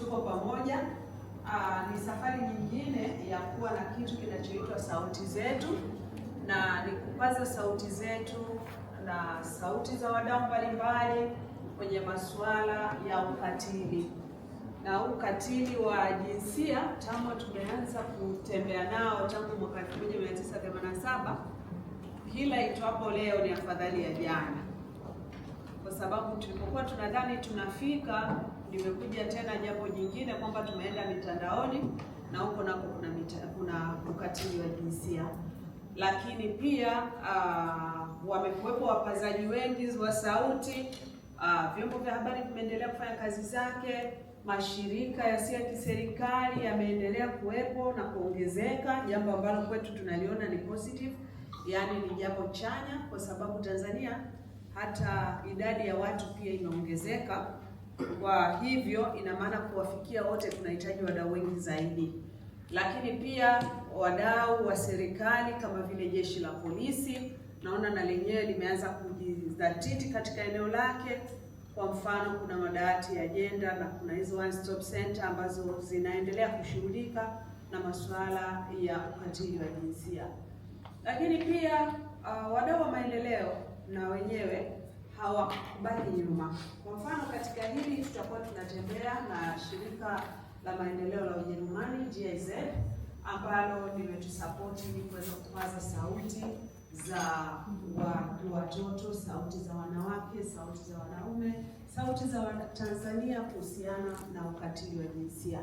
tuko pamoja. Aa, ah, ni safari nyingine ya kuwa na kitu kinachoitwa sauti zetu, na ni kupaza sauti zetu na sauti za wadau mbalimbali kwenye masuala ya ukatili na ukatili wa jinsia TAMWA tumeanza kutembea nao tangu mwaka 1987. Hila itwapo leo ni afadhali ya jana, kwa sababu tulipokuwa tunadhani tunafika limekuja tena jambo jingine kwamba tumeenda mitandaoni na huko nako kuna kuna ukatili wa jinsia, lakini pia uh, wamekuwepo wapazaji wengi wa sauti uh, vyombo vya habari vimeendelea kufanya kazi zake, mashirika yasiyo ya kiserikali yameendelea kuwepo na kuongezeka, jambo ambalo kwetu tunaliona ni positive, yaani ni jambo chanya, kwa sababu Tanzania hata idadi ya watu pia imeongezeka. Kwa hivyo ina maana kuwafikia wote tunahitaji wadau wengi zaidi, lakini pia wadau wa serikali kama vile jeshi la polisi, naona na lenyewe limeanza kujizatiti katika eneo lake. Kwa mfano, kuna madawati ya ajenda na kuna hizo one stop center ambazo zinaendelea kushughulika na masuala ya ukatili wa jinsia, lakini pia uh, wadau wa maendeleo na wenyewe hawakubaki nyuma. Kwa mfano, katika hili tutakuwa tunatembea na shirika la maendeleo la Ujerumani GIZ ambalo limetusapoti ili kuweza kupaza sauti za watoto, sauti za wanawake, sauti za wanaume, sauti za Watanzania kuhusiana na ukatili wa jinsia.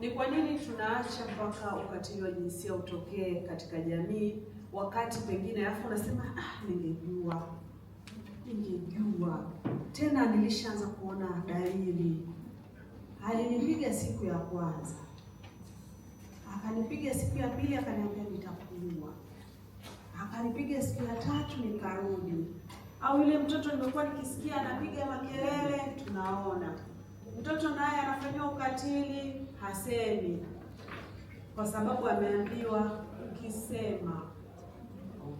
Ni kwa nini tunaacha mpaka ukatili wa jinsia utokee katika jamii, wakati pengine alafu unasema ah, nilijua ningejua. Tena nilishaanza kuona dalili. Alinipiga siku ya kwanza, akanipiga siku ya pili, akaniambia nitakuua, akanipiga siku ya tatu, nikarudi. Au yule mtoto nimekuwa nikisikia anapiga makelele, tunaona mtoto naye anafanyiwa ukatili, hasemi kwa sababu ameambiwa ukisema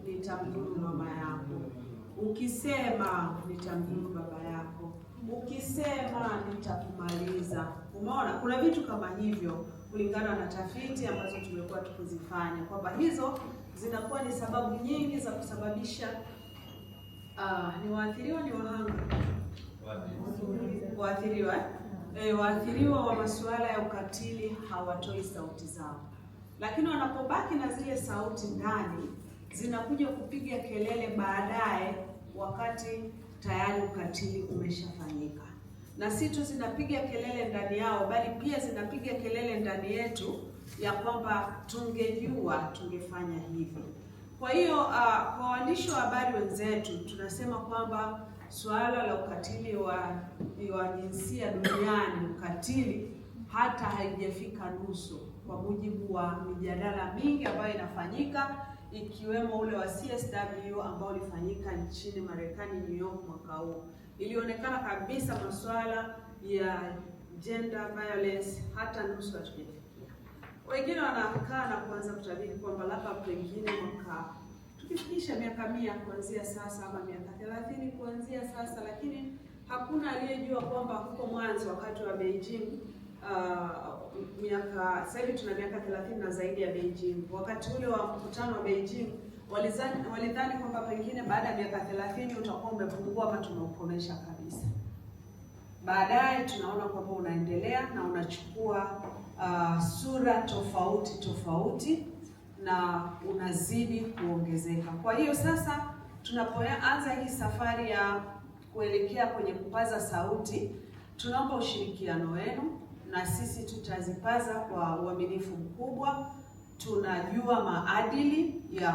nitamdhuru mama yako. Ukisema nitamjibu baba yako, ukisema nitakumaliza. Umeona, kuna vitu kama hivyo kulingana na tafiti ambazo tumekuwa tukizifanya kwamba hizo zinakuwa ni sababu nyingi za kusababisha uh, ni waathiriwa ni wahanga waathiriwa eh, eh, waathiriwa wa masuala ya ukatili hawatoi sauti zao, lakini wanapobaki na zile sauti ndani zinakuja kupiga kelele baadaye, wakati tayari ukatili umeshafanyika. Na si tu zinapiga kelele ndani yao, bali pia zinapiga kelele ndani yetu ya kwamba tungejua tungefanya hivi. Kwa hiyo uh, kwa waandishi wa habari wenzetu tunasema kwamba suala la ukatili wa, wa jinsia duniani, ukatili hata haijafika nusu, kwa mujibu wa mijadala mingi ambayo inafanyika ikiwemo ule wa CSW ambao ulifanyika nchini Marekani, New York mwaka huu. Ilionekana kabisa masuala ya gender violence hata nusu hatujafikia. Wengine wanakaa na kuanza kutabiri kwamba labda pengine mwaka tukifikisha miaka mia kuanzia sasa ama miaka thelathini kuanzia sasa, lakini hakuna aliyejua kwamba huko mwanzo wakati wa Beijing uh, miaka sasa hivi tuna miaka 30 na zaidi ya Beijing. Wakati ule wa mkutano wa Beijing walidhani walidhani kwamba pengine baada ya miaka 30 utakuwa umepungua ama tumeukomesha kabisa. Baadaye tunaona kwamba unaendelea na unachukua uh, sura tofauti tofauti na unazidi kuongezeka. Kwa hiyo sasa tunapoanza hii safari ya kuelekea kwenye kupaza sauti, tunaomba ushirikiano wenu na sisi tutazipaza kwa uaminifu mkubwa. Tunajua maadili ya